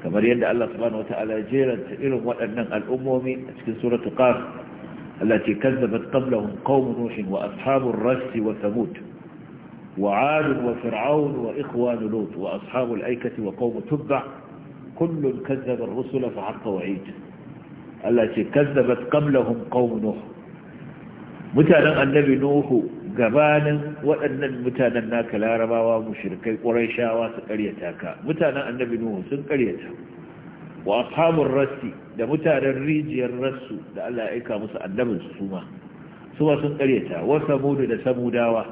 kamar yadda Allah subhanahu wata'ala ya jeranta irin waɗannan al'ummomi a cikin suratul qaf Allah ce kazzabat qablahum qaum nuh wa ashabur rass wa thamud wa 'ad wa fir'aun wa ikhwan lut wa ashabul aikati wa qaum tubba kullun kazzaba ar-rusula fa haqqa wa'id Allah ce kazzabat qablahum qaum nuh mutanen annabi nuhu gabanin waɗannan mutanen naka larabawa mushrikai ƙurayshawa su ƙaryata ka mutanen annabi nuhu sun ƙaryata wa ashabur rassi da mutanen rijiyar rassu da Allah ya aika musu annabin su ma Suma sun ƙaryata wa samudu da samudawa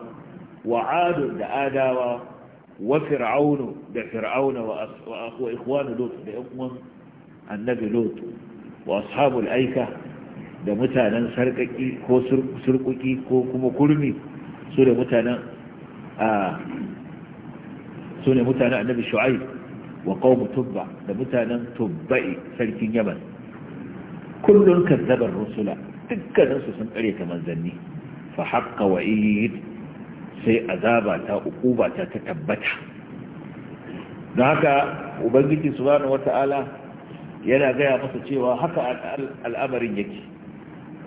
wa adu da adawa wa fir'aunu da fir'auna wa ikhwanu lut da ƴan uwan annabi lut wa ashabul aika da mutanen sarkaki ko surkuki ko kuma kurmi su da mutanen a su ne mutanen annabi shu'aib wa tubba da mutanen tubba'i sarkin yaman kullun kazzabar rusula dukkaninsu sun kare ta manzanni fa haqqa wa sai azaba ta ukuba ta ta tabbata don haka ubangiji subhanahu wata'ala yana gaya masa cewa haka al'amarin yake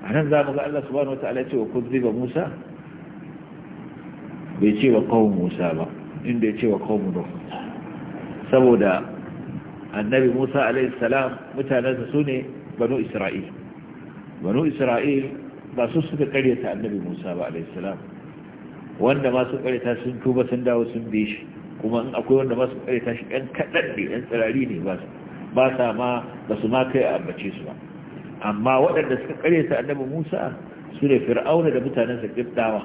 a nan za mu ga Allah subhanahu wataala ce wa kuzziba Musa bai ce wa kawun Musa ba inda ya ce wa qawm Nuh saboda annabi Musa alaihi salam su sune banu Isra'il banu Isra'il ba su suka karyata annabi Musa ba alaihi salam wanda ma su karyata sun tuba sun dawo sun bi shi kuma in akwai wanda ma su karyata shi ɗan kaɗan ne ɗan tsirari ne ba sa ma ba su ma kai a ambace su ba amma waɗanda suka karyata annabi Musa su ne fir'auna da mutanensa kibdawa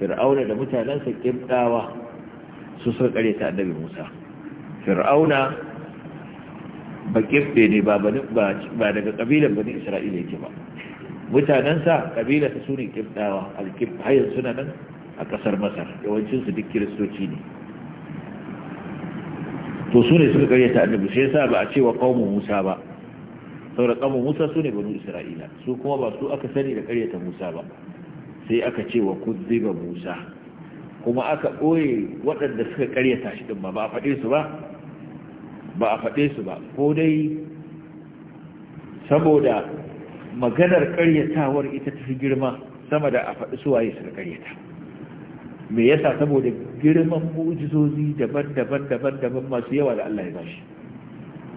fir'auna da mutanensa kibdawa su suka ta annabi Musa fir'auna ba kibde ne ba ba daga kabilan bani Isra'ila yake ba mutanensa kabilarsa su ne kibdawa alkib hayan suna nan a kasar Masar yawancin su duk kiristoci ne to su ne suka ta annabi sai yasa ba a ce wa qaumu Musa ba saboda kamo musa su ne banu isra'ila su kuma ba su aka sani da karyata musa ba sai aka ce wa kuzziba musa kuma aka ɓoye waɗanda suka karyata shi ɗin ba ba a faɗe su ba ba a faɗe su ba ko dai saboda maganar karyatawar ita ta fi girma sama da a faɗi suwaye su karyata me yasa saboda girman mu'jizozi daban-daban daban-daban masu yawa da Allah ya bashi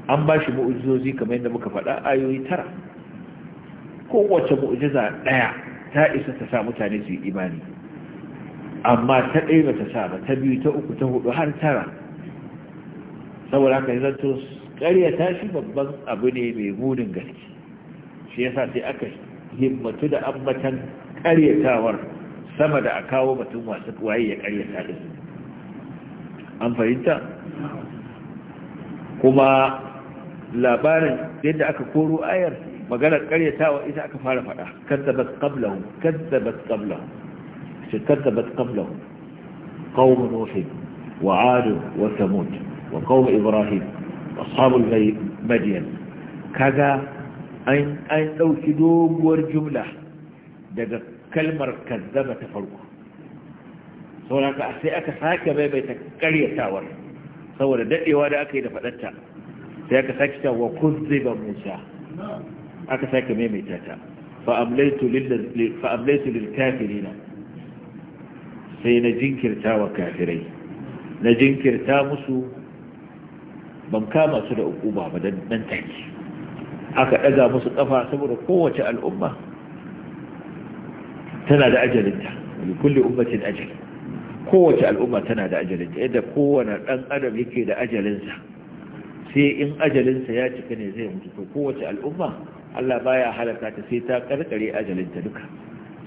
an ba shi mu'ujizozi kamar yadda muka faɗa ayoyi tara kowace mu'ujiza ɗaya ta isa ta sa mutane su yi imani amma ta ɗaya ba ta sa ba ta biyu ta uku ta hudu har tara saboda haka ƙarya ta shi babban abu ne mai munin gaske shi yasa sai aka himmatu da ambatan ƙaryatawar sama da a kawo batun wasu waye ya ƙaryata da su an fahimta kuma labarin yadda aka koro ayar maganar karyatawa ita aka fara faɗa kazzabat qablahum kazzabat qablahum shi kazzabat qablahum qaum nuh wa 'ad wa thamud wa qaum ibrahim ashabul madyan kaga an an dauki doguwar jumla daga kalmar kazzaba ta farko saboda sai aka sake maimaita karyatawar saboda dadewa da aka yi da fadarta sai aka sake ta wa kuzziba musa aka sake maimaita ta fa amlaitu lil kafirina sai na jinkirta wa kafirai na jinkirta musu ban kama su da hukuma ba dan nan take aka daga musu kafa saboda kowace al'umma tana da ajalinta kulli ummatin ajal kowace al'umma tana da ajalinta yadda kowane dan adam yake da ajalinsa sai in ajalinsa ya cika ne zai mutu to kowace al'umma Allah baya halaka ta sai ta karkare ajalinta duka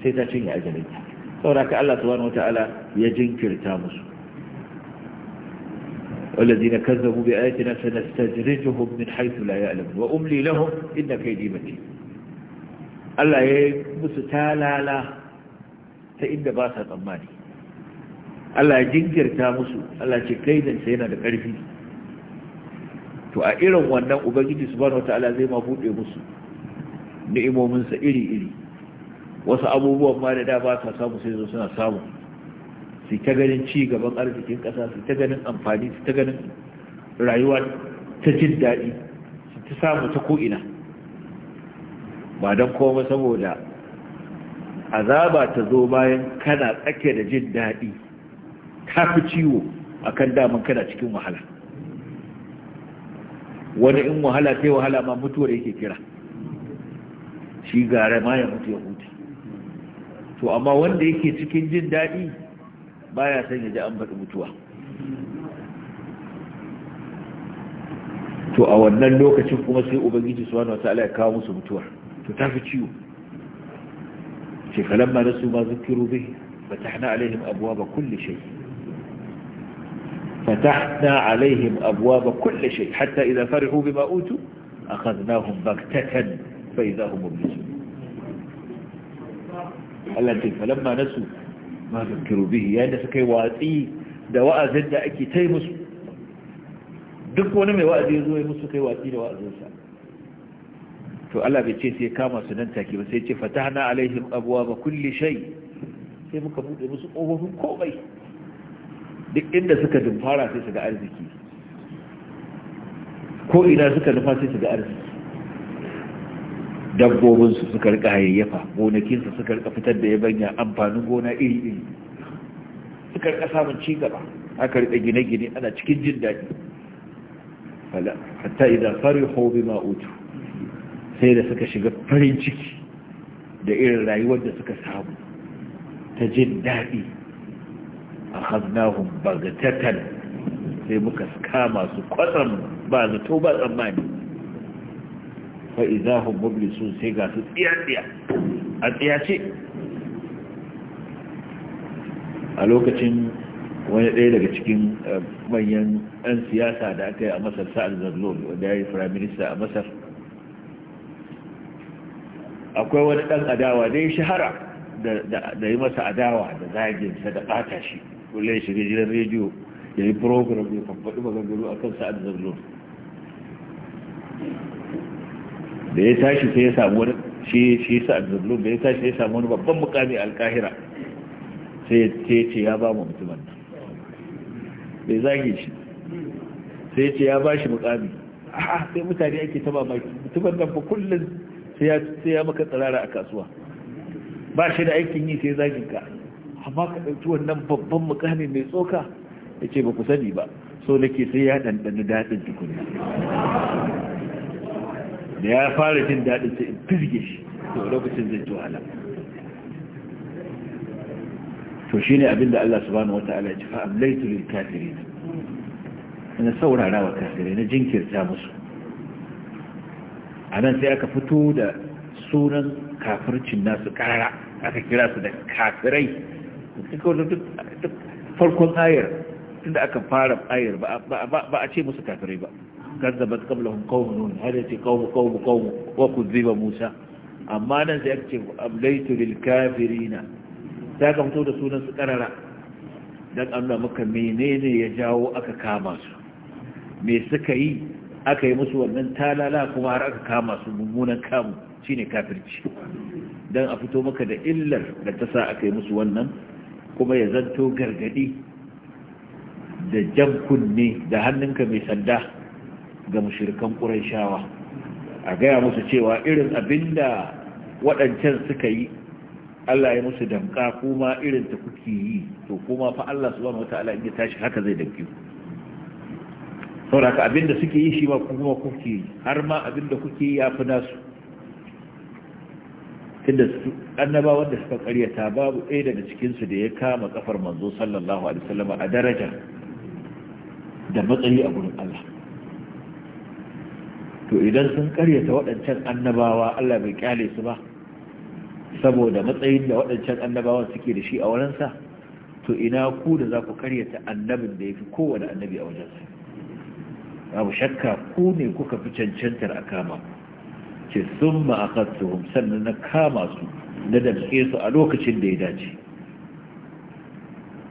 sai ta cinye ajalinta sauraka Allah subhanahu wata'ala ya jinkirta musu والذين كذبوا بآياتنا سنستدرجهم من حيث لا يعلمون وأملي لهم إن كيدي متين Allah ya musu talala ta inda ba sa tsammani Allah ya jinkirta musu Allah ce kaidansa yana da ƙarfi to a irin wannan ubangiji subhanahu wataala zai ma bude musu ni'imominsa iri iri wasu abubuwan ma da ba sa samu sai zo suna samu su ta ganin ci gaban arzikin kasa su ta ganin amfani su ta ganin rayuwa ta jin daɗi su ta samu ta ko'ina ba don koma saboda azaba ta zo bayan kana tsake da jin daɗi ta fi ciwo akan daman kana cikin wahala wani in wahala sai wahala ma mutuwar yake kira shi gara ma ya mutu ya huta to amma wanda yake cikin jin daɗi baya son ya ji an faɗi mutuwa to a wannan lokacin kuma sai ubangiji wani wata ya kawo musu mutuwar to ta fi ciwo shekalan falamma nasu ma zukiru bihi hana alaihim ba kulle shai. فتحنا عليهم أبواب كل شيء حتى إذا فرحوا بما أوتوا أخذناهم بغتة فإذا هم مبلسون التي فلما نسوا ما ذكروا به يعني سكي واتي دواء زد أكي تيمس duk wani mai wa'azi ya zo ya musu kai watsi da wa'azinsa to Allah ce sai kama su nan take ba sai ce fatahna alaihim abwaaba kulli sai muka bude musu kofofin komai duk inda suka dumfara sai su ga arziki ko ina suka nufa sai su ga arziki dabbobinsu suka rika hayayyafa gonakinsu suka rika fitar da yabanya amfanin gona iri-iri suka rika samun ci gaba aka rika gine-gine ana cikin jin daɗi hatta idan farihu bima utu sai da suka shiga farin ciki da irin rayuwar da suka samu ta jin daɗi A akhadnahum baghtatan sai muka kama masu kwatsam ba zato ba tsammani fa idahum mublisun sai ga su tsiya a tsiyace a lokacin wani ɗaya daga cikin manyan 'yan siyasa da aka yi a masar sa'ad zarlon wanda ya yi firaminista a masar akwai wani ɗan adawa da ya shahara da yi masa adawa da zaginsa da ɓata shi Kullum ya shiga gidan rediyo ya yi program ya faɗi maganganu a kan sa'ad zangon da ya tashi sai ya samu wani shi shi sa'ad zangon da ya tashi sai ya samu wani babban mukami a alkahira sai ya ce ya ba mu mutumin bai zage shi sai ya ce ya ba shi mukami sai mutane ake ta mamaki mutumin nan fa kullum sai ya maka tsirara a kasuwa ba shi da aikin yi sai zagin ka amma ka ɗauki wannan babban mukami mai tsoka ya ce ba ku sani ba so nake sai ya ɗanɗani daɗin tukuna da ya fara jin daɗin sai in firge shi to lokacin zai ji wahala to ne abin da Allah subhanahu ta'ala ya ci fa laifin lil kafirin na saurara wa kafirai na jinkirta musu a nan sai aka fito da sunan kafircin nasu karara aka kira su da kafirai duk farkon ayar tunda aka fara ayar ba a ce musu kafirai ba kazzabat qablahum qawmun nun har ce qawmu qawmu qawmu wa ziba musa amma nan sai aka ce amlaytu lil kafirina Ta aka fito da sunan su karara dan Allah maka menene ya jawo aka kama su me suka yi aka yi musu wannan talala kuma har aka kama su mummunan kamu shine kafirci dan a fito maka da illar da ta sa aka yi musu wannan kuma ya zanto gargadi da jan kunne da hannunka mai sanda ga ƙuran shawa a gaya musu cewa irin abinda waɗancan suka yi Allah ya musu damka kuma irin ta kuke yi to kuma fa Allah su wani wataala in ya tashi haka zai damke ku abin abinda suke yi shi ma kuma kuke yi har ma abinda kuke yi ya fi nasu tunda annabawan da suka karyata babu ɗaya daga cikinsu da ya kama kafar manzo sallallahu alaihi wasallam a daraja da matsayi a gurin Allah to idan sun karyata waɗancan annabawa Allah bai kyale su ba saboda matsayin da waɗancan annabawan suke da shi a wurinsa to ina ku da za ku karyata annabin da ya fi kowane annabi a wajensa babu shakka ku ne kuka fi cancantar a kama ku ce sun ma'akattuhum sannan na kama su na damtse su a lokacin da ya dace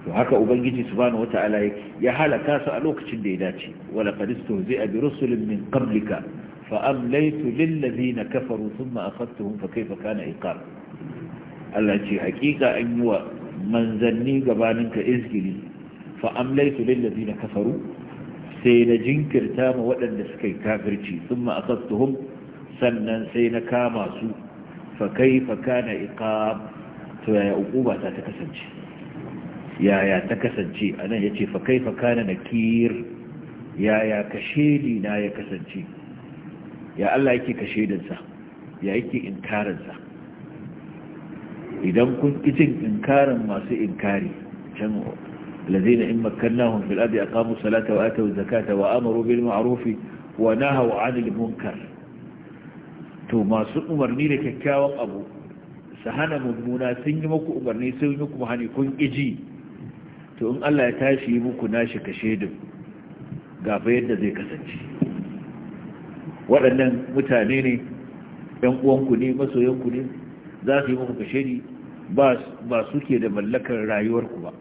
to haka ubangiji su bani wata wata'ala ya halaka su a lokacin da ya dace wala qadistu zai abi rusulin min qablika fa amlaytu lil ladina kafaru thumma akhadtuhum fa kayfa kana iqab Allah ce hakika an yi wa manzanni gabaninka izgili fa amlaytu lil ladina kafaru sai na jinkirta ma waɗanda suka yi kafirci thumma akhadtuhum sannan sai na kama su fa kaifa kana iqab to yaya uquba ta ta kasance yaya ta kasance anan yace fa kaifa kana nakir yaya kashedi na ya kasance ya Allah yake kashedin sa ya yake inkarin sa idan kun kijin inkarin masu inkari can الذين إن مكناهم في الأرض أقاموا الصلاة وآتوا الزكاة وآمروا بالمعروف ونهوا عن المنكر to masu umarni da kyakkyawan abu su hana mummuna sun yi muku umarni sun yi muku hani kun ƙiji to in Allah ya tashi yi muku nashi kashe din gafa yadda zai kasance waɗannan mutane ne ɗan uwanku ne masoyanku ne za su yi muku kashe ni ba su ke da mallakar rayuwarku ba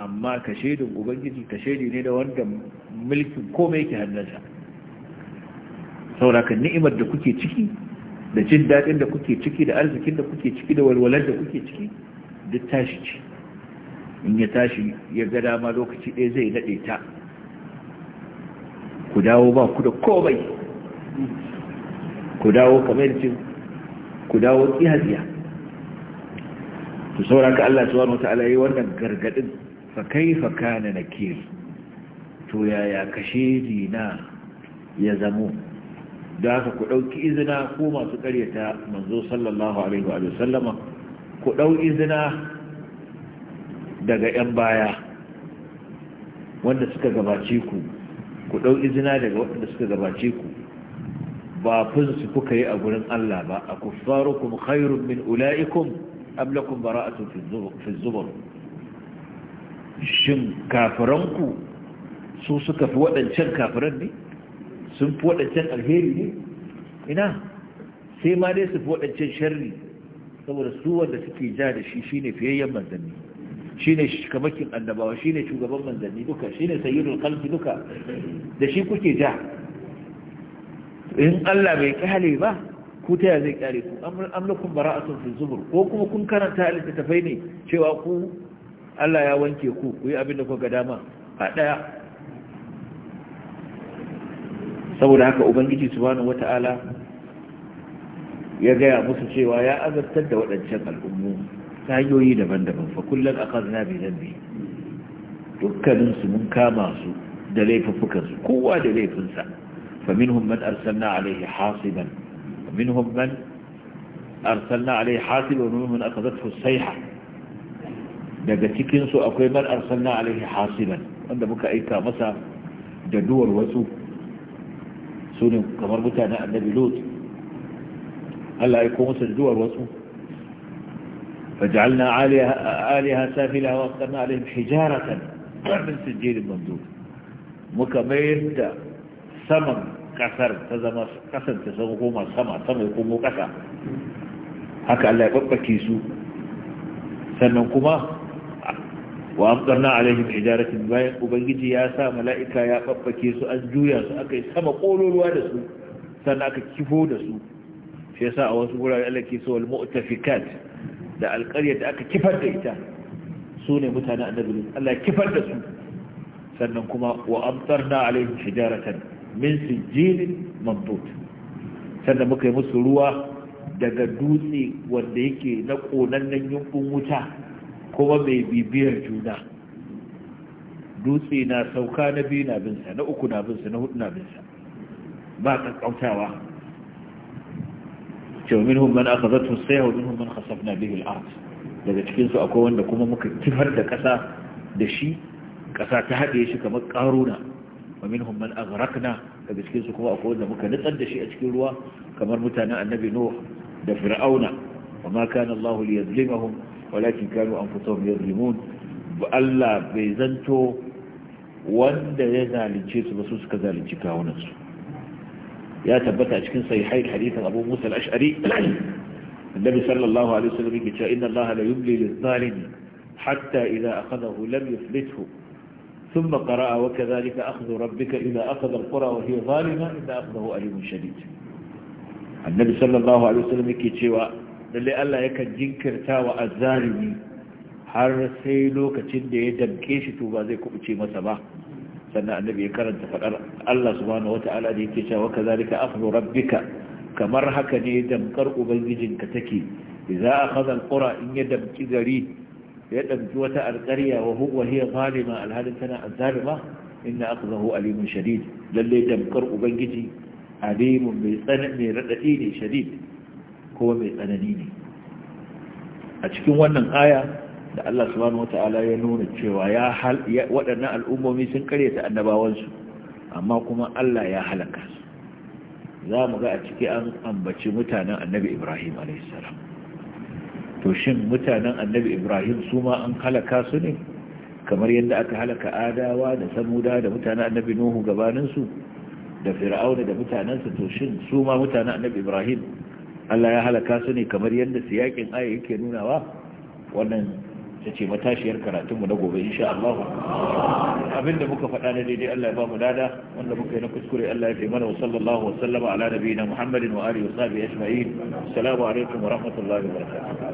amma kashe din ubangiji kashe ne da wanda mulkin komai ke hannunsa saboda ni'imar da kuke ciki da jin daɗin da kuke ciki da arzikin da kuke ciki da walwalar da kuke ciki duk tashi ce in ya tashi ya ga dama lokaci ɗaya zai daɗe ta ku dawo ba ku da komai ku dawo kamar cin ku dawo tsiyaziya to sauraka Allah subhanahu wata'ala yi wannan gargadin fa kaifa na nakir to yaya kashe dina ya zamo da haka ku ɗauki izina ko masu ƙaryata manzo sallallahu alaihi wa sallama ku ɗau izina daga 'yan baya wanda suka gabace ku ku ɗau izina daga waɗanda suka gabace ku ba su kuka yi a gurin Allah ba a kuffarukum khairun min ula'ikum am lakum bara'atun fi zubur shin kafiranku su suka fi waɗancan kafiran ne sun fi waɗancan alheri ne ina sai ma dai su fi waɗancan sharri saboda su wanda suke ja da shi ne fiyayyen manzanni ne kamakin annabawa ne shugaban manzanni duka ne sayyidul khalqi duka da shi kuke ja in Allah bai kyale ba ku ta zai kyale ku amlakum bara'atun fi zubur ko kuma kun karanta littattafai ne cewa ku Allah ya wanke ku ku yi abin da kuka dama a daya saboda haka ubangiji subhanahu wata'ala ya gaya musu cewa ya azabtar da waɗancan al'ummu ta hanyoyi daban-daban fa kullum a kan zabi zambi dukkaninsu mun kama su da laifuffukansu kowa da laifinsa fa minhum man arsalna alaihi hasiban fa minhum man arsalna alaihi hasiban wa minhum man akhadhathu sayha daga cikinsu akwai man arsalna alaihi hasiban wanda muka aika masa da duwar wasu su kamar mutane a lot Allah ya kuma su zuwa wasu fajalna aliha safi lawa kan alim hijaratan karfin sujjerin bandu muka mai da saman kasar ta zama kasance sama koma sama ta mai komo kasa haka Allah ya babbake su sannan kuma wa amtarna alaihim ijaratin bayan ubangiji ya sa mala'ika ya babbake su an juya su aka yi sama kololuwa da su sannan aka kifo da su shi yasa a wasu wurare Allah ke so al-mu'tafikat da alƙaryar da aka kifar da ita su ne mutanen annabi Allah kifar da su sannan kuma wa amtarna alaihim hijaratan min sijilin mamdud sannan muka yi musu ruwa daga dutse wanda yake na konannen yunkun wuta kuma mai bibiyar juna dutse na sauka na biyu na binsa na uku na binsa na hudu na binsa ba kakkautawa cewa min hun mana aka zartun sai hau min hun mana na biyu al'ad daga cikinsu akwai wanda kuma muka kifar da ƙasa da shi ƙasa ta haɗe shi kamar ƙaruna wa min hun mana agarakna daga cikinsu kuma akwai wanda muka nutsar da shi a cikin ruwa kamar mutanen annabi nuh da fir'auna wa ma kana allahu liyazlimahum walakin kanu an fito biyar limon ba Allah bai zanto wanda ya zalince su ba su suka zalince kawunansu ya tabbata a cikin sai haid hadithan abu musa al-ash'ari annabi sallallahu alaihi wasallam yake cewa inna Allah la yubli lizalim hatta idha akhadahu lam yuflithu ثم قرأ وكذلك أخذ ربك إذا أخذ القرى وهي ظالمة إذا أخذه أليم شديد النبي صلى الله عليه وسلم كي Lallai Allah yakan jinkirta wa azzalimi har sai lokacin da ya damke shi to ba zai kubuce masa ba sannan annabi ya karanta fadar Allah subhanahu wata'ala da yake cewa kazalika akhdhu rabbika kamar haka ne damkar ubangijinka take idza akhadha alqura in ya damki gari ya damki wata alqarya wa huwa hiya zalima alhalin tana azzalima inna akhdahu alimun shadid lalle damkar ubangiji alimun mai tsanani radadi ne shadid ko mai tsanani ne a cikin wannan aya da Allah subhanahu wata'ala ya nuna cewa ya waɗannan al'ummomi sun karyata annabawansu amma kuma Allah ya halaka su za mu ga a ciki an ambaci mutanen annabi Ibrahim alaihissalam to shin mutanen annabi Ibrahim su ma an halaka su ne kamar yadda aka halaka adawa da samuda da mutanen annabi Nuhu gabaninsu da fir'auna da mutanensa to shin su ma mutanen annabi Ibrahim Allah ya halaka su ne kamar yadda siyakin aya yake nunawa wannan ta ce matashiyar karatunmu na gobe insha Allah abinda muka faɗa na daidai Allah ya ba mu dada wanda muka yi na kuskure Allah ya fi mana wa sallallahu wa sallama ala nabiyina Muhammadin wa alihi wa sahbihi ajma'in assalamu alaikum wa rahmatullahi wa barakatuh